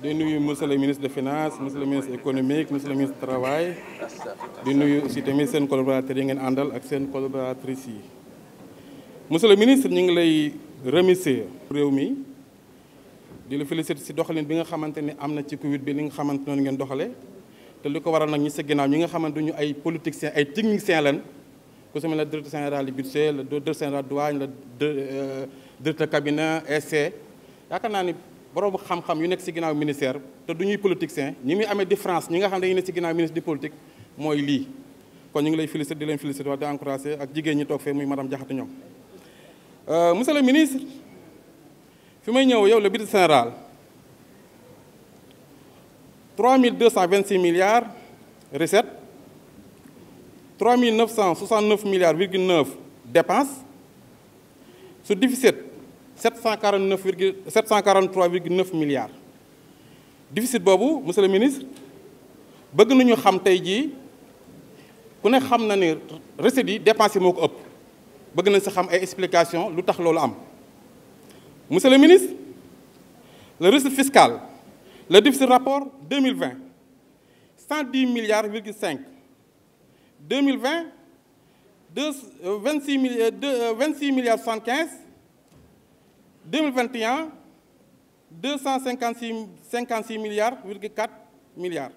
di nuyu monsieur le ministre de finance monsieur le ministre économique monsieur le ministre du travail di nuyu aussi tamit seen collaborateurs yi ngeen àndal ak seen collaboratrices yi monsieur ministre ñu ngi lay remisser réew mi di la féliciter ci doxalin bi nga xamante ne am na ci Covid bi li nga xamante noonu ngeen doxale te li ko waral nag ñi sa ginnaaw ñi nga xamante ñu ay politiciens ay techniciens leen ku sama la directeur général du budget le directeur général douane le euh, yaakaar naa ni borom xam-xam yu nekk ci ginnaaw ministère te du ñuy politiciens ñi muy amee différence ñi nga xam ne dañuy nekk ci ginnaaw ministre di politique mooy lii. kon ñu ngi lay féliciter di leen féliciter wax di encourager ak jigéen ñi toog fee muy madame Diakhaté ñoom euh, le ministre fi may ñëw yow le budget général 3226 milliards recettes 3969 milliards virgule 9 dépenses su déficit. 749 virgule 743 virgule 9 milliards déficit boobu monsieur le ministre bëgg nañu xam tey jii ku ne xam na ne recettes yi dépenses moo ko ëpp bëgg nañ sa xam ay explication lu tax loolu am monsieur le ministre le recette fiscale le déficit rapport 2020 110 milliards virgule 5 2020 deux 26 mille 26 euh, euh, euh, milliards 75 cent 2021 cinquante 56 milliards virgule 4 milliards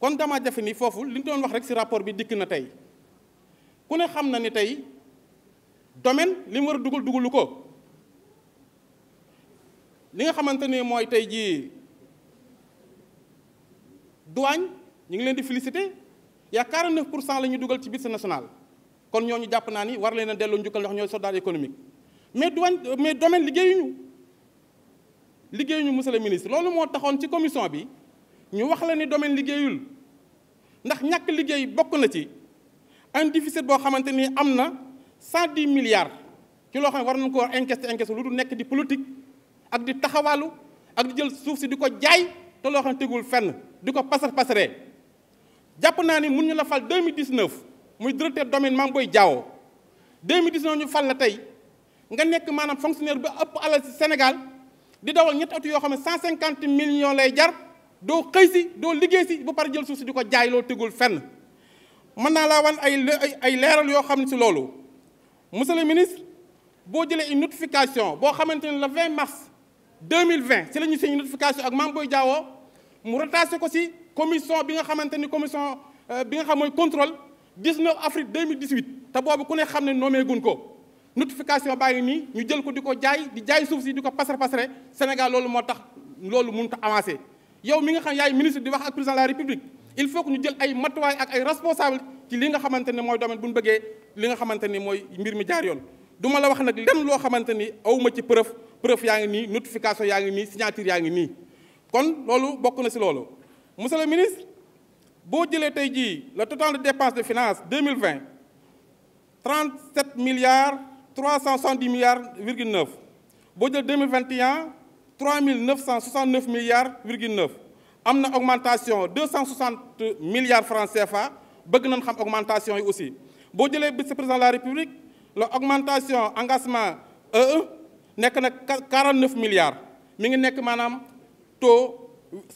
kon dama jafe ni foofu li ñu doon wax rek ci rapport bi dikk na tey ku ne xam na ni tey domaine li mu war a dugal dugalu ko li nga xamante ni mooy tey jii douane ñu ngi leen di féliciter yaa 49 pour cent la ñu dugal ci budget national kon ñooñu jàpp naa ni war leen a delloo njukkal ndax ñooy soldat économique mais douane mais domaine liggéeyuñu liggéeyuñu monsieur le ministre loolu moo taxoon ci commission bi ñu wax la ni domaine liggéeyul ndax ñàkk liggéey bokk na ci un déficit boo xamante ni am na cent dix milliards ci loo xam ne war nañu ko encaisser encaisser lu du nekk di politique ak di taxawaalu ak di jël suuf si di ko jaay te loo xam ne tegul fenn di ko pasar pasaree jàpp naa ni mun ñu la fal 2019 muy directeur domaine Mame Boye Diao 2019 ñu fal la tey. nga nekk maanaam fonctionnaire bi ëpp alal ci Sénégal di dawal ñetti oto yoo xam ne cent cinquante millions lay jar doo xëy si doo liggéey si bu pare jël suuf si di ko jaay loo tegul fenn mën naa laa wan ay ay leeral yoo xam ne si loolu monsieur le ministre boo jëlee une notification boo xamante ne le 20 mars 2020 si la ñu seen notification ak Mame Boye Diao mu rattaché ko si commission bi nga xamante ni commission euh, bi nga xam mooy contrôle 19 avril 2018 te boobu ku ne xam ne nommé gun ko notification baa ngi nii ñu jël ko di ko jaay di jaay suuf si di ko pasar pasare Sénégal loolu moo tax loolu mënut a avancé yow mi nga xam yaay ministre di wax ak président de la république il faut que ñu jël ay matuwaay ak ay responsable ci li nga xamante ne mooy domaine bu ñu bëggee li nga xamante ni mooy mbir mi jaar yoon du ma la wax nag lenn loo xamante ni awma ci preuve preuve yaa ngi nii notification yaa ngi nii signature yaa ngi nii kon loolu bokk na si loolu monsieur le ministre boo jëlee tey jii le total de dépense de finance 2020 37 milliards 370 milliards virgule 9 boo jël 2021 3969 milliards virgule 9 am na augmentation 260 milliards francs CFA bëgg nañ xam augmentation yi aussi boo jëlee bis président de la république la augmentation engagement EE e nekk na 49 milliards mi ngi nekk maanaam taux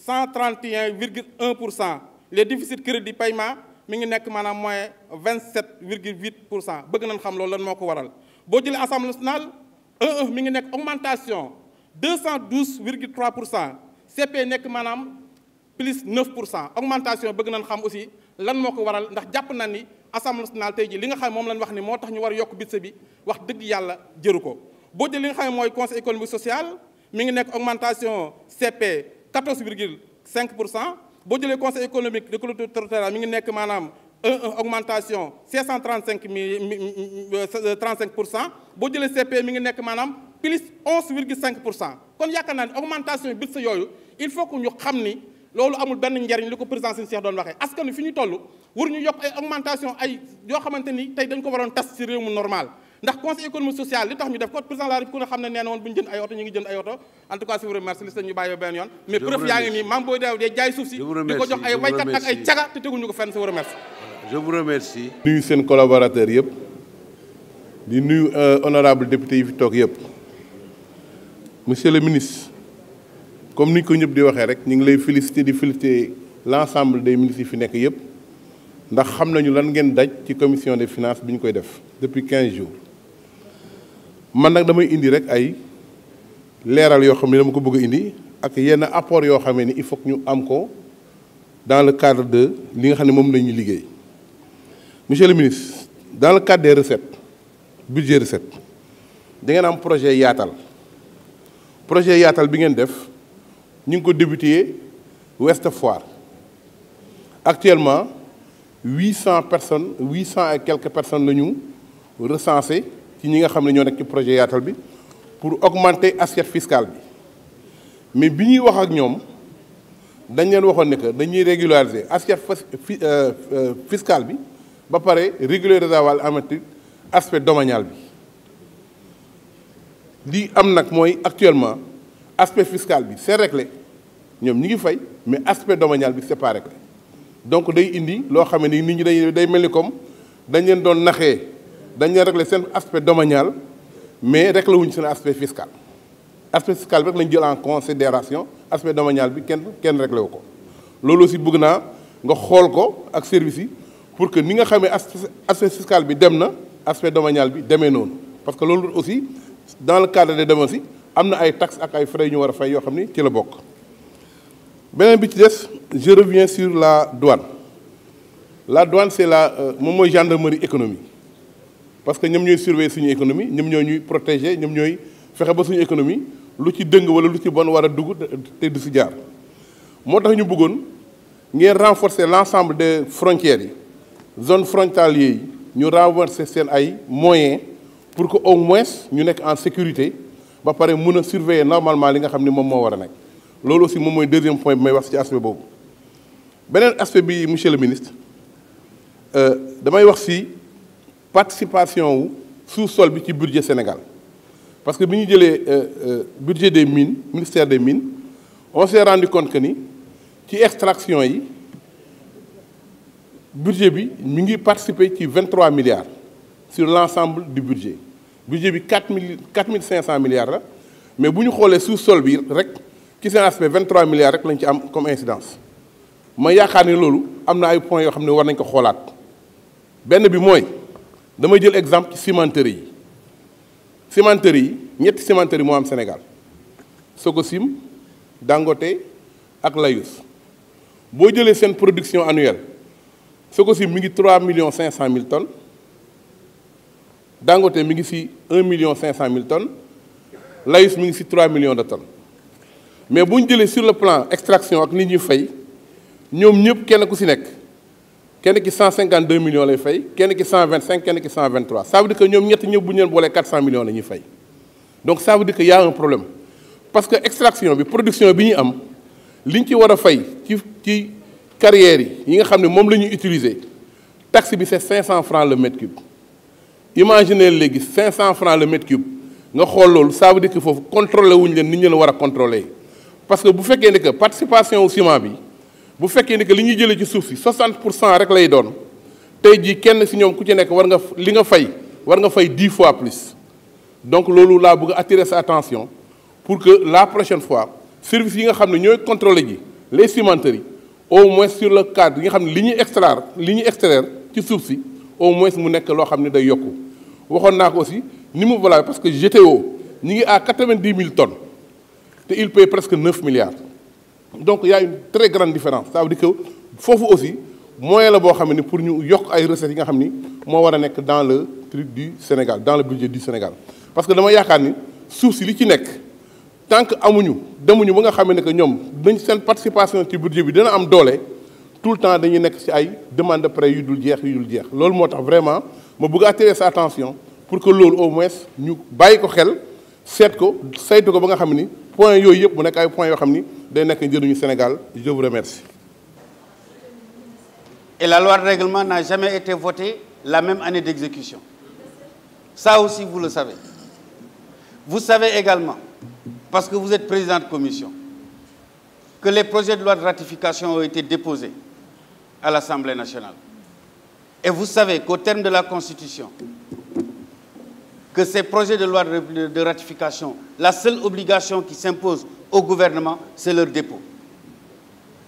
131 virgule 1 pour cent les déficits crédit paiement mi ngi nekk maanaam moins 27 virgule 8 pour cent bëgg nañ xam loolu lan moo ko waral boo jëlee assemblée nationale 1 mi ngi nekk augmentation 212 virgule 3 pour cent CP nekk maanaam plus 9 pour cent augmentation bëgg nañ xam aussi lan moo ko waral ndax jàpp na ni assemblée nationale tey jii li nga xam moom lañ wax ni moo tax ñu war a yokk budget bi wax dëgg yàlla jëru ko boo jëlee li nga xam mooy conseil économique social mi ngi nekk augmentation CP 14 virgule 5 pour cent boo jëlee conseil économique des collectivités territoriales mi ngi nekk maanaam une augmentation 635 35 euh, euh, pour cent boo jëlee CP mi ngi nekk maanaam plus 11 virgule 5 pour cent kon yaakaar naa ne augmentation bi sa yooyu il faut que ñu xam ni loolu amul benn njariñ li ko président Sine Cheikh doon waxee askan wi fi ñu toll waru ñu yokk ay augmentation ay yoo xamante tey dañ ko waroon tas ci réew mu normal ndax conseil économique social li tax ñu def ko président la République ku ne xam ne nee woon bu ñu jënd ay oto ñu ngi jënd ay oto en tout cas si vous je nuyu seen collaborateur yëpp di nuyu euh, honorable député yi fi toog yëpp monsieur le ministre comme ni ko ñëpp di waxee rek ñu ngi lay féliciter di féliciter l'ensemble des ministres yi fi nekk yëpp ndax xam nañu lan ngeen daj ci commission des finances bi ñu koy def depuis quinze jours man nag damay indi rek ay leeral yoo xam ne dama ko bëgg a indi ak yenn apport yoo xam ne il faut ñu am ko dans le cadre de li nga xam ne moom la ñuy liggéey monsieur le ministre dans le cadre des recettes budget recette da ngeen am projet yaatal projet yaatal bi ngeen def ñu ngi ko débuté Ouest Foire actuellement huit cent personne huit cent et quelques personnes la ñu recensé ci ñi nga xam ne ñoo nekk ci projet yaatal bi pour augmenter assiette fiscale bi mais bi ñuy wax ak ñoom dañ leen waxoon ne que dañuy régulariser assiette euh, euh, fiscale bi ba pare réguler réservoir amatul aspect domanial bi lii am nag mooy actuellement aspect fiscal bi c'est réglé ñoom ñu ngi fay mais aspect domanial bi c'est pas réglé donc day indi loo xam ne nit ñi day day mel ni comme dañ leen doon naxee dañ leen réglé seen aspect domanial mais réglé wuñ seen aspect fiscal aspect fiscal bi rek lañ jël en considération aspect domanial bi kenn kenn réglé wu ko loolu aussi bugg naa nga xool ko ak service yi. pour que ni nga xamee aspect fiscal bi dem na aspect domanial bi demee noonu parce que loolu aussi dans le cadre des demandes yi am na ay tax ak ay frais yu ñu war a fay yoo xam ni ci la bokk beneen bi ci des je reviens sur la douane la douane c'est la euh, moom mooy gendarmerie économie parce que ñoom ñooy surveiller suñu économie ñoom ñoo ñuy protéger ñoom ñooy fexe ba suñu économie lu ci dëng wala lu ci bon war a dugg te du si jaar moo tax ñu bëggoon ngeen renforcer l'ensemble des frontières yi zone frontalière yi ñu renforcer seen ay moyens pour que au moins ñu nekk en sécurité ba pare mun a surveiller normalement li nga xam ni moom moo war a nekk loolu aussi moom mooy deuxième point bi may wax ci aspect boobu beneen aspect bi monsieur le ministre euh, damay wax ci participation wu sous-sol bi ci budget Sénégal parce que bi ñu jëlee euh, euh, budget des mines ministère des mines on s'est compte que ni ci extraction yi budget bi ñu ngi participer ci 23 milliards sur l'ensemble du budget budget bi 4 mille 4 mille 500 milliards la mais bu ñu xoolee sous-sol bi rek ci seen aspect trois milliards rek lañ ci am comme incidence ma yaakaar ni loolu am na ay point yoo xam ne war nañ ko xoolaat benn bi mooy damay jël exemple ci cimenterie yi cimenterie yi ñetti cimenterie moo am Sénégal Sococim Dangote ak Layus boo jëlee seen production annuelle. Sococim mi ngi 3 millions 500 mille tonnes Dangote mi ngi si 1 million 500 mille tonnes Laïs mi ngi si 3 millions de tonnes mais bu ñu jëlee sur le plan extraction ak nit ñuy fay ñoom ñëpp kenn ku si nekk kenn ki 152 millions lay fay kenn ki 125 kenn ki 123 ça veut dire que ñoom ñett ñëpp bu ñu leen boolee 400 millions la ñuy fay donc ça veut dire que y a un problème parce que extraction bi production bi ñu am li ñu ci war a fay ci ci. carrières yi yi nga xam ne moom la ñuy utiliser taxe bi c'est 500 francs le mètre cube imaginez léegi 500 francs le mètre cube nga xool loolu ça veut dire que foofu contrôlé wuñ leen ni ñu leen war a contrôlé parce que bu fekkee ne que participation au ciment bi bu fekkee ne li ñuy jëlee ci suuf si 60 pour cent rek lay doon tey jii kenn si ñoom ku ci nekk war nga li nga fay war nga fay 10 fois plus donc loolu laa bëgg attirer sa attention pour que la prochaine fois service yi nga xam ne ñooy contrôlé ji les cimenteries au moins sur le cadre yi nga xam ne li ñu extraire li ñu extraire ci suuf si au moins mu nekk loo xam ne day yokku waxoon naa ko aussi ni mu valable parce que GTO ñi ngi à quatre-vingt-dix mille tonnes te il paye presque neuf milliards. donc y a une très grande différence ça veut que foofu aussi moyen la boo xam ne pour ñu yokk ay recettes yi nga xam ni moo war a nekk dans le truc du Sénégal dans le budget du Sénégal parce que dama yaakaar ni suuf si li ci nekk. tant que amuñu demuñu ba nga xamee ne que ñoom dañ seen participation ci budget bi dina am doole tout le temps dañuy nekk ci ay demande de prêt yu dul jeex yu dul jeex loolu moo tax vraiment ma bugg attirer sa attention pour que loolu au moins ñu bàyyi ko xel seet ko saytu ko ba nga xam ni point yooyu yëpp bu nekk ay point yoo xam ni day nekk njëriñu Sénégal je vous remercie. Et la loi de règlement n'a jamais été votée la même année d'exécution. Ça aussi, vous le savez. Vous également parce que vous êtes président de commission, que les projets de loi de ratification ont été déposés à l'Assemblée nationale. Et vous savez qu'au terme de la Constitution, que ces projets de loi de ratification, la seule obligation qui s'impose au gouvernement, c'est leur dépôt.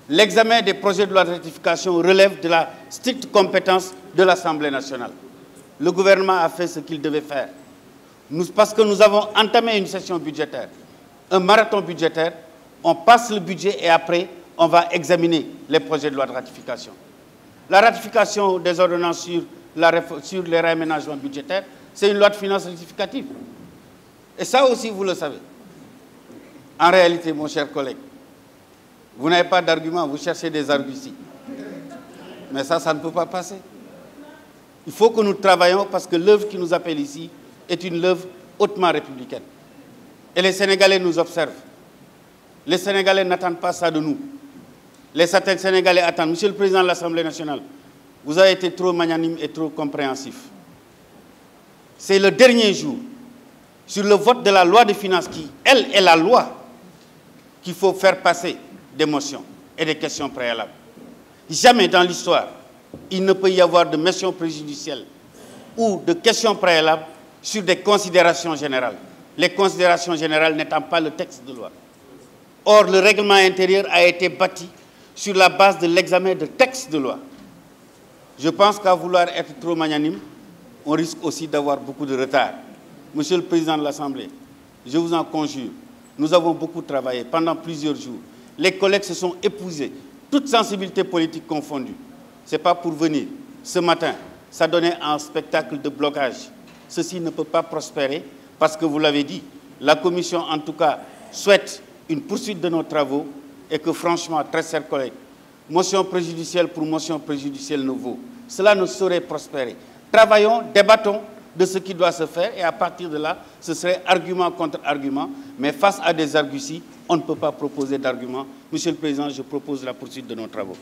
L'examen des projets de loi de ratification relève de la stricte compétence de l'Assemblée nationale. Le gouvernement a fait ce qu'il devait faire. Nous, parce que nous avons entamé une session budgétaire, un marathon budgétaire, on passe le budget et après, on va examiner les projets de loi de ratification. La ratification des ordonnances sur, les réaménagements budgétaires, c'est une loi de finances rectificative. Et ça aussi, vous le savez. En réalité, mon cher collègue, vous n'avez pas d'argument, vous cherchez des arguties. Mais ça, ça ne peut pas passer. Il faut que nous travaillions parce que l'œuvre qui nous appelle ici est une œuvre hautement républicaine. Et les Sénégalais nous observent. Les Sénégalais n'attendent pas ça de nous. Les certains Sénégalais attendent. Monsieur le Président de l'Assemblée nationale, vous avez été trop magnanime et trop compréhensif. C'est le dernier jour, sur le vote de la loi de finances, qui, elle, est la loi qu'il faut faire passer des motions et des questions préalables. Jamais dans l'histoire, il ne peut y avoir de motion préjudicielle ou de questions préalables sur des considérations générales. les considérations générales n'étant pas le texte de loi. Or, le règlement intérieur a été bâti sur la base de l'examen de textes de loi. Je pense qu'à vouloir être trop magnanime, on risque aussi d'avoir beaucoup de retard. Monsieur le Président de l'Assemblée, je vous en conjure, nous avons beaucoup travaillé pendant plusieurs jours. Les collègues se sont épousés, toutes sensibilités politiques confondues. Ce n'est pas pour venir. Ce matin, ça donnait un spectacle d blocage. Ceci ne peut pas parce que vous l'avez dit, la Commission, en tout cas, souhaite une poursuite de nos travaux et que, franchement, très chers collègues, motion préjudicielle pour motion préjudicielle ne vaut. Cela ne saurait prospérer. Travaillons, débattons de ce qui doit se faire et à partir de là, ce serait argument contre argument. Mais face à des arguties, on ne peut pas proposer d'arguments. Monsieur le Président, je propose la poursuite de nos travaux.